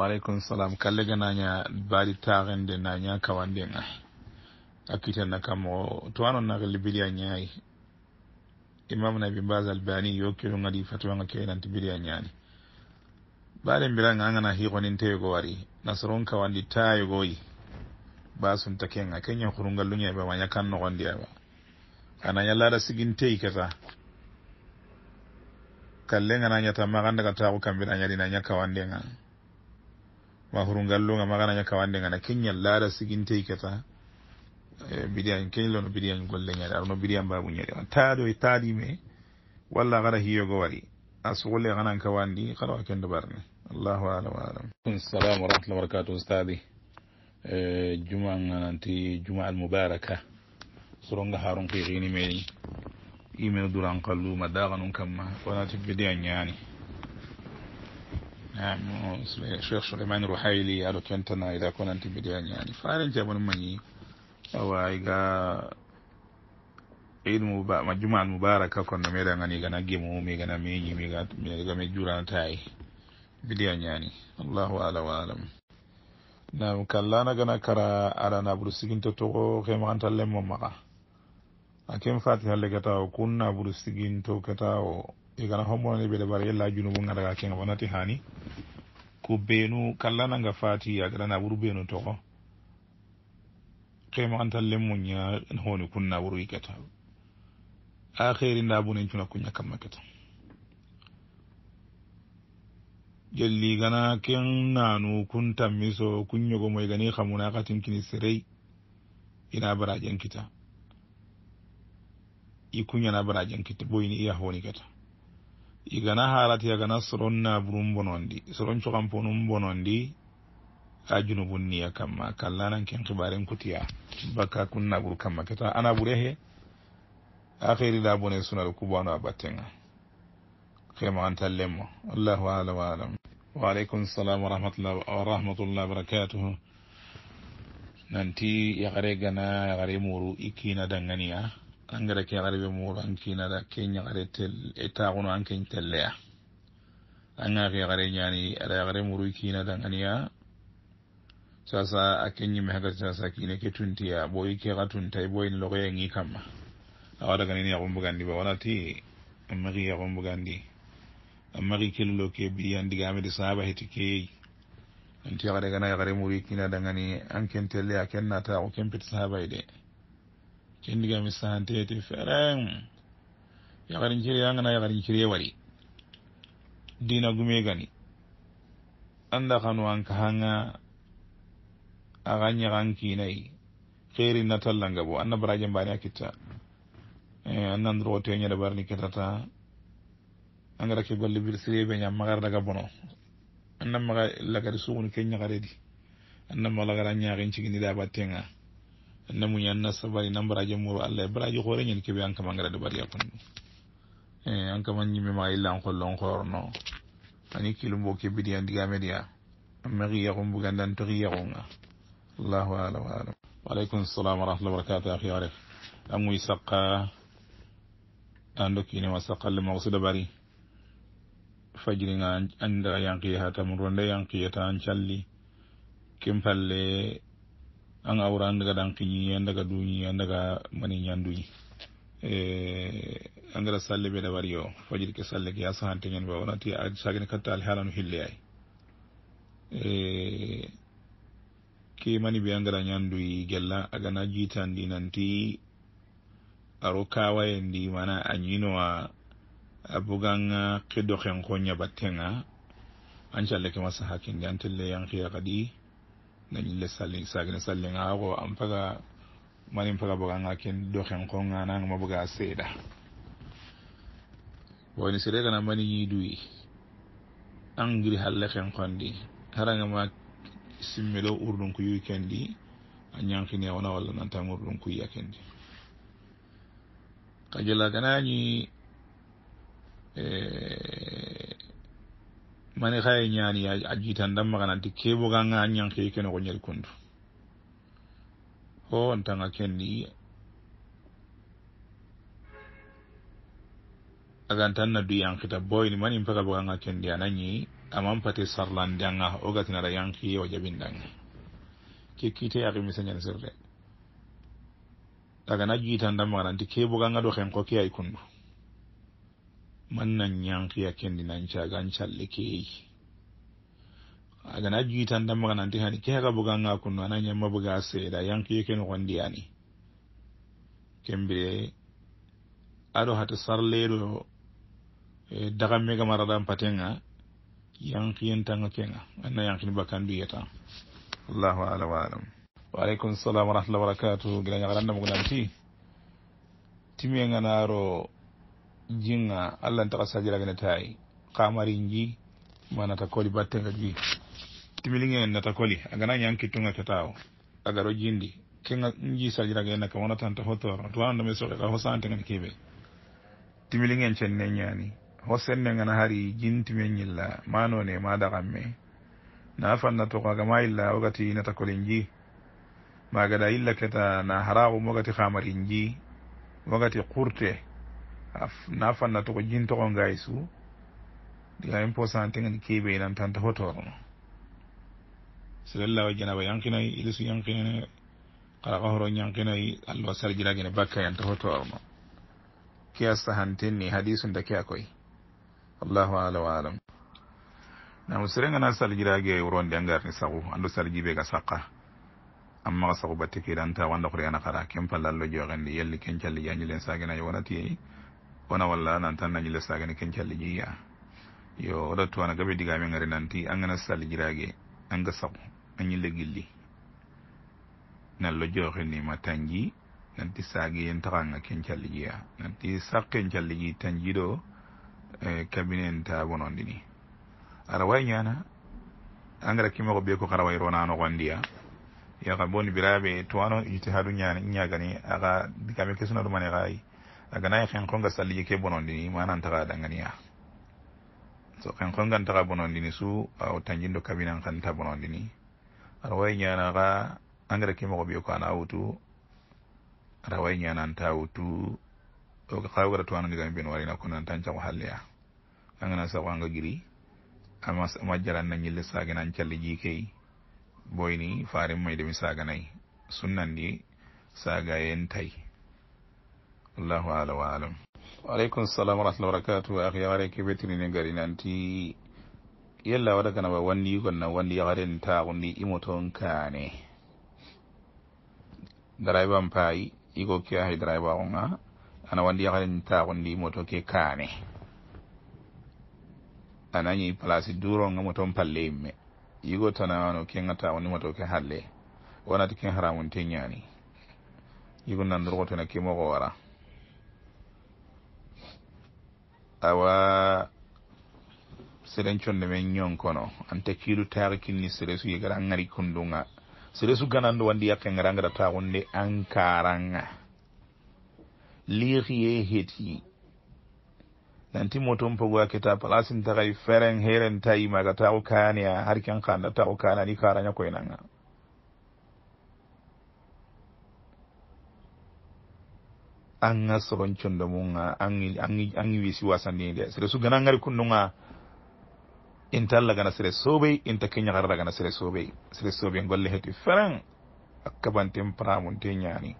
waleykum salam kallega naña baali taxende naña kawandenga a kitana kamoxo towano na xelibilia ñaayi imam nabi baz albani yo kilungadi fatuwanga ke nanti bilia ñaani baale mbiranga a ngana xiixoninteyego wari nasoron kawandi taayogoyi basunta kenga kenya xurungalluñay ba maña kan noxondiyaba anaña laada siginteyi kata kallenga nañata maxandaga taaxu kambirañadi naña kawandenga ma huru ngalluga magana ñaka wande gana keñal laara siguintey keta e, biɗiyan keñlo no biɗiyan golle ñaɗe ar no biɗiyan mbabu ñaɗe a taado e taadime walla gara hiyogo wari a sogole ganan ka wandi kara wa kendo barni allahu alam wa alam assalamu warahmatullah wa barakatu ustadi e, juma ganante juma al mubaraka soronga haron kuyeini meni imeno duran kallu ma daganun kamma wonati biɗiyan ñaani nam cheikh souleymane rouhayli aɗo kentana ida ko nanti mbiɗa ñaani faare jamano mañi awa ga id mma jumal moubaraka konno meɗa gani gana gemu migana meñi migami juranatay mbiɗa ñaani allahu ala wa alam nam kallana gana kara aɗana ɓuru siginto togo xemaxanta lemmo maxa akem fatihallegatawo kunna ɓuru siginto ketawo gana hommoone ɓeɗe bara yella junu mu gadaga kega wonati hani ko beenu kallana nga fati a gaɗana wuro beenu togo qema antal le muña hooni kunna wuro yiketa axeri ndabune cuna kuña kamma keta jelli gana ken nanu kun tammi so kun ñogo moy gani xamuna xatin kini serey ina bara jenkita i kuñana bara jenkita boyini iya hooni keta igana haalata yagana soron naburum bonondi soron cokanponum bonondi a junubun niya kamma kallanan ken kibaren kutiya bakka kun naburu kamma keta anabure he akhiri labone sunal kubano a battenga kemaantallenmo allahu alam wa alam waaleykum salam warahmatullahi wabarakatuhu nanti yagare gana yagare muru ikina danganiya angere ke arabe mur ankinara ke ñakare tel e taxuno ankeñ telleya anga ke yakare ñani ada yakare muru kina dan aniya sasa a keñime hagar sasa kine ke tuntiya boyi ke xa tuntay e boyin loxoyengi kamma awa daganini yaxumbugandi ba wanati a maxi yaxumbugandi a maxi kelulo ke bi andigamedi saba heti keyey nanti yakare gana yakare muru kina dangani anken telle a ken nataxu ken peti sabay de kendigami santete fereng yakarin cire yangana yakarin cire wari dina gume gani anda kanu an kahanga aganya ranki nai khairin natal langabo anna baraje mbani akitta eh anna ndro to nyada barni kitata angara ke golle bir sire be nyam magar daga bono anna maga lagari suun kenya garedi anna mala garanya ngin cigini da battenga namuñan nasabari nambaraje muro allah e baraji hoore ñen keeɓi an kama ngarade ɓaɗi yakkude ɗum e eh, an kama ñimmema illa an kolloon hoorono ani kilumbo keɓɓidi an digameɗiya ma xiyaxum bugandan to xiyaxunga allahu alam alam waaleykum salam warahmatulah barakatu axiyoref anguy saqa a dokkinema saqalle maxusuda bari fajiringa andaa yanqiyata tamro nde yanqiyata an calli kimpalle an aura ndaga dankiñi ndaga duñi ndaga mani ñanduñi e engrais salle ɓe ɗa wari o fajiri ke salle ke ya sahanteñen ba wonati ad sagene katta alhaalano hille ay e ke mani ɓe engrais ñanduyi gella agana jiitan ndi nanti aro kawaye ndi mana a ñinowa a buganga qiddo xen ko ñabattenga an calle ke ma saha kendi antelle yanxiya kadi nañle salli sagne sallinga xo am faga manim faga boganga ken doxen qonga nangama boga seeɗa woni sereegana mani ñiiduyi angiri halle xen qondi harangama simmelo urdunku yuy kendi a ñankineona walla nantan urdunkuyya kendi ka jela ganañi mani xaye ñaani a ajiitan dam maxana ti keɓoganga a ñanxee kene xo ñari kundu ho ntanga kenni agantan na du yanxita boyni mani im faka boganga kenndi a nañi aman pate sarlandianga o gatinara yanxie o jaɓindanga ke kiite yaxi mi señan sir de agana jiitan dam maxananti keɓoganga do xenqo ke ay kundu man nan yankiya kendi nan cagan challe keyi agana juyi tan dambaga nanti hani ke haka buga nga kunno ana nyamma buga seeda yankiya kendi kondi yani kembire ado hata sarledo e daga mega marada patenga yanki yentanga kenga anna yanki ni bakan bi yata Allahu ala wa alam wa alaikum salam wa rahmatullahi wa barakatuh gila nyagaranda mugunanti timi yengana aro jinŋa alla ntaxa sajiraga ne tayi xamari nji ma nata koli battenga ji timiliŋe nata koli agana ɲan kittunga ketawo agaro jindi kenga nji sajiraga naka wonatanta hotoro tuwanandame soxeka hosantengani kebe timiliŋen cenne ɲani ho senne ŋana hari jin time ɲilla manone ma daxanme na fanna toxo agama yilla wogati nata koli nji magada yilla keta na haraxu wogati xamari nji wogati xurte na fanna toko jintoko ngay e su dila min posant tengani keɓe nan tanta hotorno sallallahu janaba yankinayi ilisu yankinene kala ka horo yankinayi allah sarjiragene bakka yanta hotorno ke a sahantenni hadisu nda ke a koy wallahu ala wa alam nam serengana sarjirage wuronde ngarni sagu andu sarjibe ga sakka amma ka sagu batte kedanta wanda koreyana kara kempallallo joxendi yelli kencalli jañilen sagenayowonatiyeyi wana walla nan tan nan nañi lessagani ken jiya yo to wana gabe diga min ngari nanti an gana jirage an ga sabu an yi legilli nan lo joxe ni ma tanji nan ti nanti saagi yen taxanga ken nan ti sak ken ji tanji do e eh, kabinen ta bonon dini ara way nyana an gara ko be ko kara way rona ya ka boni birabe biraɓe tuwano ijtihadu ñana i aga diga min ke do mane xaayi daga nayi xenqonga sallije ke bonondini manantaxa danganiya so xenqonga ntaxa bonondini su ao tanjindo kabinan xa nta bonondini ara way ñanaxa engrais ke moxo ɓeko ana wutu ara way ñana nta wutu xa wara tuwano ndigame ɓeno warina kon nan tan caxo xalleya angana saxoanga giri ama jaran na ñille sagenan calli jikey boyni farin may demi saganay sunnandi sagayen tay wallahu alam wa alam waaleykum salam wa rahmatullah wa barakatu a yaxare ke ɓetirine gari nanti yella wada kana ba wandi gonna wandi yaxaren taxundi imoton kaane drive an paayi igo ke axay drive axonga ana wandi yaxaren taxundi imoto ke kaane anañi place duronga moton palle yimme yigo tanawano kenga taxundi moto ke halle wonati ken haramun te ñaani yigo nandurgotona ke moxo wara awa seɗen conde men ñonkono an takkiɗu taakinni seresu yegara ngari kunduga seresu gananɗo wandi yakke gara gara taakunde ankaranga liiye heti nanti moton pogoa keta placentaxay feren heren tayimaga taaku kaanea harken kanda taaku kaanani karaña koynaga anga soron chondo munga angi angi angi wisi wasan ni de sere su gana ngari kunnu ga in gana sere sobe inta kenya garra gana sere sobe sere sobe golle hetu faran akabantin pramun te nyani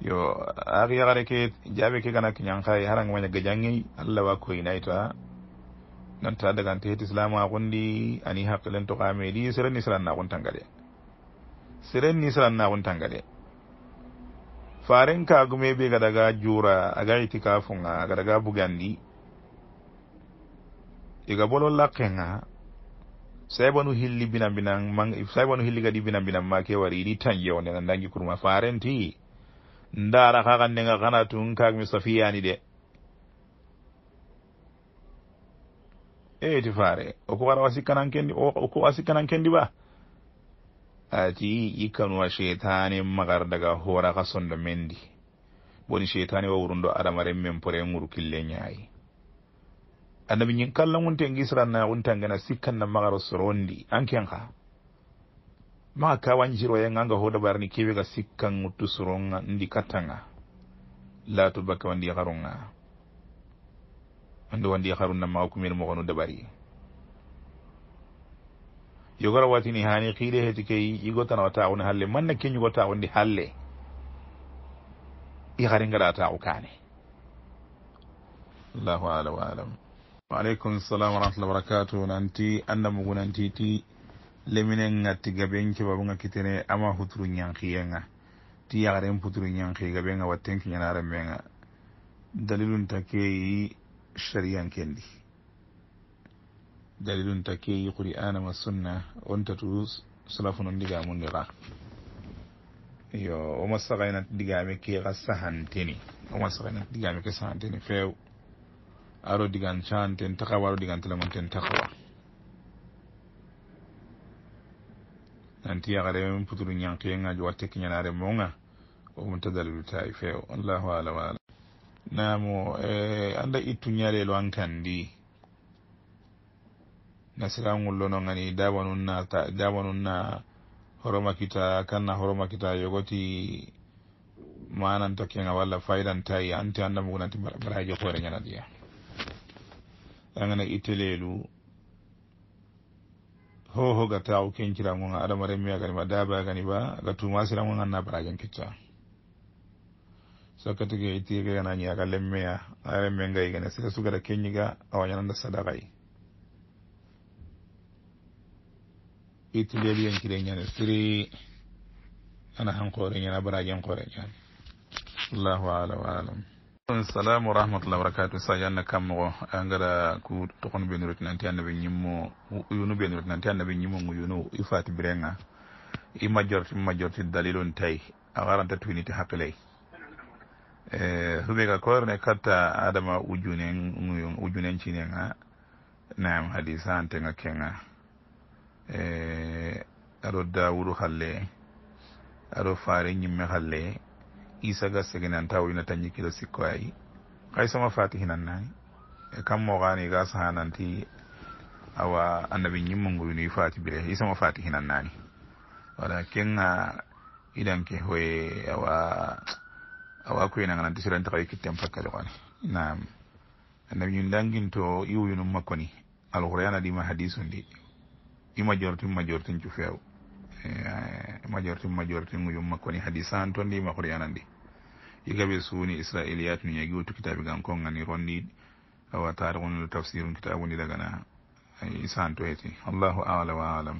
yo ari yagare ke jabe ke gana kinyan kai harang wanya gajangi Allah wa ko ina ita nan ta daga ta islamu a ani hakilan to di sere ni sere na kun tangare ni sere na kun farin kagume be ga daga jura a ga itikafin a ga daga bugandi iga bolo lakin ha sai banu hilli binan binan man sai banu hilli gadi binan binan ma ke wari ni tan yau ne nan dangi kurma farin ti ndara ka kan nga kana tun kagume safiya ni de e ti fare o ko wara wasi kanan kendi o ko wasi kanan kendi ba ati i kanuwa shetani magar daga hora kason da mendi boni shetani wa do adamare men pore nguru kille nyaayi anda nyin kallan wunte ngisra na wunta ngana sikkan na magar sorondi anken ha ma ka wanjiro ya nganga hoda barni kebe ga sikkan mutu soronga ndi katanga la tubaka wandi garunga ando wandi garunna ma ko mir mo dabari jogora watini hani qiile heti keyi igotanawa taawne halle manna keñugo taawndi halle ihari ngaɗa taaw kaane allahu ala wa alam waaleykum salam warahmatullah wabarakatu nanti annamugu nantiti leminen ga tigaben kebabunga kitene ama huturu ñankiyenga ti yagaren puturu ñanki gabenga wattenkeñanaren menga dalilun ta keyi sharian kendi dalil um takkeyi qur'ana wa sunna wonta tu salafu noon ndigamundira yo omo sahaynat digami keka sahanteni omo sahaynat digami ke sahanteni few aro digan canten takawa aro digan telemonten takawa nanti yakaremen putudu ñankeenga jowa tekki ñanare monga omunta dalilu tawi few allahu ala wa alam namo e anda ittu ñalelo an kandi nasirangullo non gani dawanunna dawanunna horomakita kanna horomakita yogoti manan tokkega walla faydantayi anti annabugunanti barajo koore ñanadiya agana ittelelu hohoga taw kencirangoga adama remmiya ganiba daba ganiba aga tumasirangoga anna barajan kitta sokkatigue ittiga ganañi aga lemmeya a remme ngayi gane sika sugata kenñiga awa ñananda sadakayi ittindeɓe yonkide ñande siri ana hankore ñana barajenkore ñane allahu ala wa alam assalamu warahmatullah wabarakatu sayanna kammoxo a ngara ku toxono ɓeni rotinanti annaɓe ñimmo yunu ɓeni rotinanti annaɓe ñimmo ngu yunu i fati birenga i majorti majorti dalilon tay a waranta tuiniti haqilay rubega e, korene katta adama ujunen ujunen cinenga naam hadisa antenga kenga e aɗo dawudu halle aɗo faare ñimme halle isa ga seginan ta woyna tañi kilo sikko ayi hay sama fati hinan nani e kam moxani ga sahananti awa annabi ñimmongo yunuyi fati bire isama fati hinan nani wala kenga idanke hoye awa awa kuyenanganan ti siranti xay kitten fakkale xoni nam annabi ñun danginto iwoyunum makko ni alxuréan adima hadisu ndi i majorti majortin cu few e, e, majorti majorti ngujum makko ni hadi san e to ndi makori anandi igaɓe suuni israiliat ni yagi wottu kitabe gan kongani rondi awa tarihun tafsirun kitabu ndi dagana i santo heti allahu ala wa alam